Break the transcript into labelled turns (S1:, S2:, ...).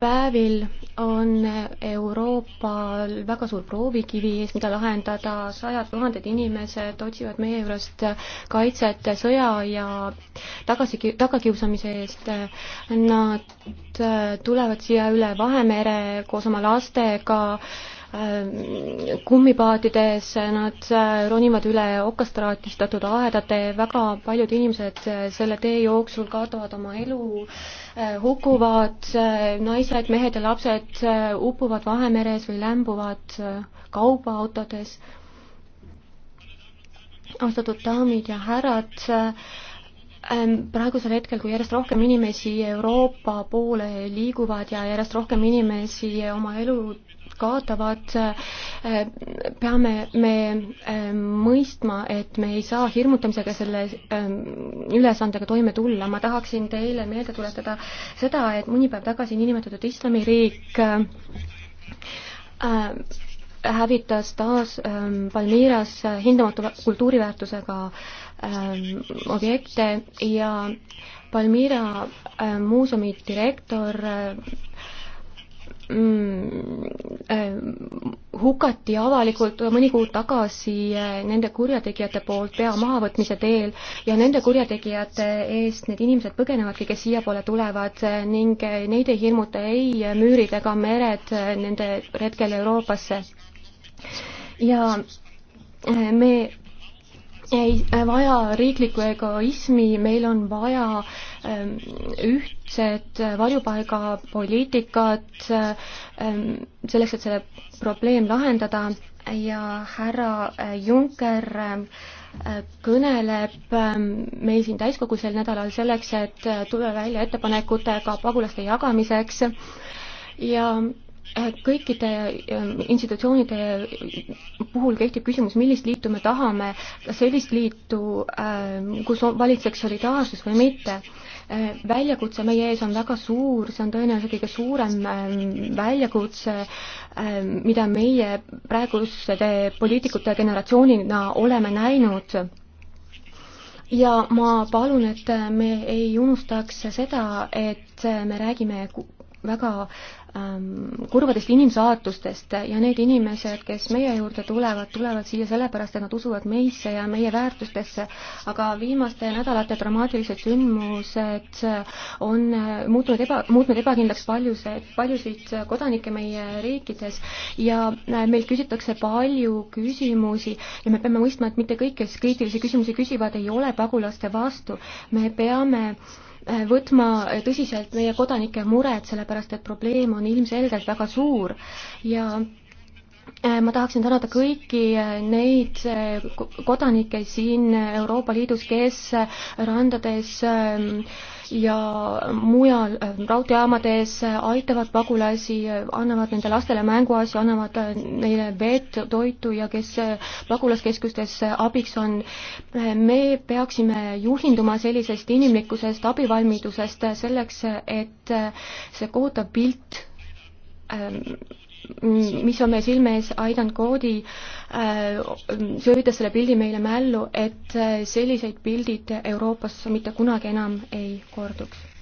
S1: päevil on Euroopal väga suur proovikivi ees, mida lahendada, sajad tuhanded inimesed otsivad meie juurest kaitset sõja ja tagasi, tagakiusamise eest. Nad tulevad siia üle Vahemere koos oma lastega Äh, kummipaatides, nad äh, ronivad üle okastraatistatud aedade, väga paljud inimesed äh, selle tee jooksul kaotavad oma elu, hukkuvad, naised, mehed ja lapsed upuvad Vahemeres või lämbuvad kaubaautades. austatud daamid ja härrad, ähm, praegusel hetkel, kui järjest rohkem inimesi Euroopa poole liiguvad ja järjest rohkem inimesi oma elud kaotavad, peame me ähm, mõistma, et me ei saa hirmutamisega selle ähm, ülesandega toime tulla. ma tahaksin teile meelde tuletada seda, et mõni päev tagasi niinimetatud islamiriik ähm, hävitas taas Palmiras hindamatu kultuuriväärtusega objekte ja Palmira äh, muuseumi direktor äh, Mm, äh, hukati avalikult mõni kuu tagasi äh, nende kurjategijate poolt pea mahavõtmise teel ja nende kurjategijate eest need inimesed põgenevadki, kes siiapoole tulevad äh, ning neid ei hirmuta ei müürid ega mered nende retkel Euroopasse. ja me ei äh, vaja riiklikku egoismi, meil on vaja ähm, ühtset äh, varjupaigapoliitikat äh, ähm, selleks, et selle probleem lahendada ja härra Juncker ähm, kõneleb meil siin täiskogu sel nädalal selleks, et tulla välja ettepanekutega pagulaste jagamiseks ja kõikide ähm, institutsioonide puhul kehtib küsimus, millist liitu me tahame, kas sellist liitu, ähm, kus valitseks solidaarsus või mitte. Äh, väljakutse meie ees on väga suur, see on tõenäoliselt kõige suurem ähm, väljakutse, mida meie praeguste poliitikute generatsioonina oleme näinud ja ma palun, et me ei unustaks seda, et me räägime väga Ähm, kurbadest inimsaatustest ja need inimesed, kes meie juurde tulevad, tulevad siia sellepärast, et nad usuvad meisse ja meie väärtustesse, aga viimaste nädalate dramaatilised sündmused on äh, muutunud eba, muutnud ebakindlaks paljused, paljusid kodanikke meie riikides ja äh, meilt küsitakse palju küsimusi ja me peame mõistma, et mitte kõik, kes kriitilisi küsimusi küsivad, ei ole pagulaste vastu. me peame äh, võtma tõsiselt meie kodanike mured, sellepärast et probleem on on ilmselgelt väga suur ja äh, ma tahaksin tänada kõiki äh, neid äh, kodanikke siin Euroopa Liidus, kes randades ja mujal raudteejaamades aitavad pagulasi, annavad nende lastele mänguasju, annavad neile vett, toitu ja kes pagulaskeskustes abiks on. me peaksime juhinduma sellisest inimlikkusest, abivalmidusest selleks, et see kohutav pilt Ähm, mis on meie silme ees, Aidan Koodi äh, söövitas selle pildi meile mällu, et äh, selliseid pildid Euroopas mitte kunagi enam ei korduks